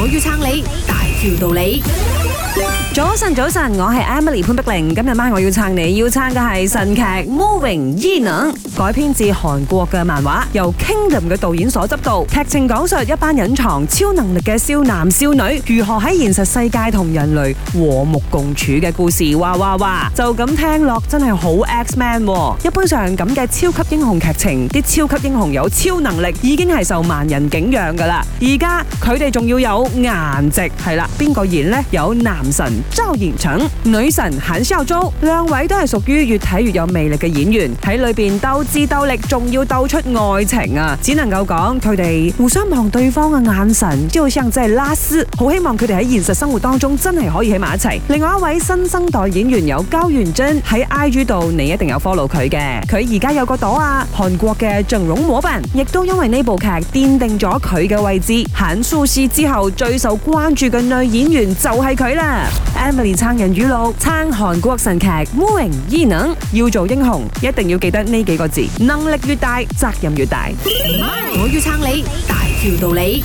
我要撐你，大條道理。早晨，早晨，我係 Emily 潘碧玲。今日晚我要撐你，要撐嘅係神劇《Moving 異能》，改編自韓國嘅漫畫，由 Kingdom 嘅導演所執導。劇情講述一班隱藏超能力嘅少男少女，如何喺現實世界同人類和睦共處嘅故事。哇哇哇！就咁聽落真係好 X-Men 喎。一般上咁嘅超級英雄劇情，啲超級英雄有超能力已經係受萬人景仰噶啦。而家佢哋仲要有顏值，係啦，邊個演呢？有男神。周延成女神，韓孝周，兩位都係屬於越睇越有魅力嘅演員，喺裏邊鬥智鬥力，仲要鬥出愛情啊！只能夠講佢哋互相望對方嘅眼神，好像真係拉絲，好希望佢哋喺現實生活當中真係可以喺埋一齊。另外一位新生代演員有高允貞，喺 IG 度你一定有 follow 佢嘅，佢而家有個朵啊！韓國嘅鄭容和扮，亦都因為呢部劇奠定咗佢嘅位置，韓素希之後最受關注嘅女演員就係佢啦。Emily 撐人語錄，撐韓國神劇《Moving》異能，要做英雄，一定要記得呢幾個字：能力越大，責任越大。我要撐你，大條道理。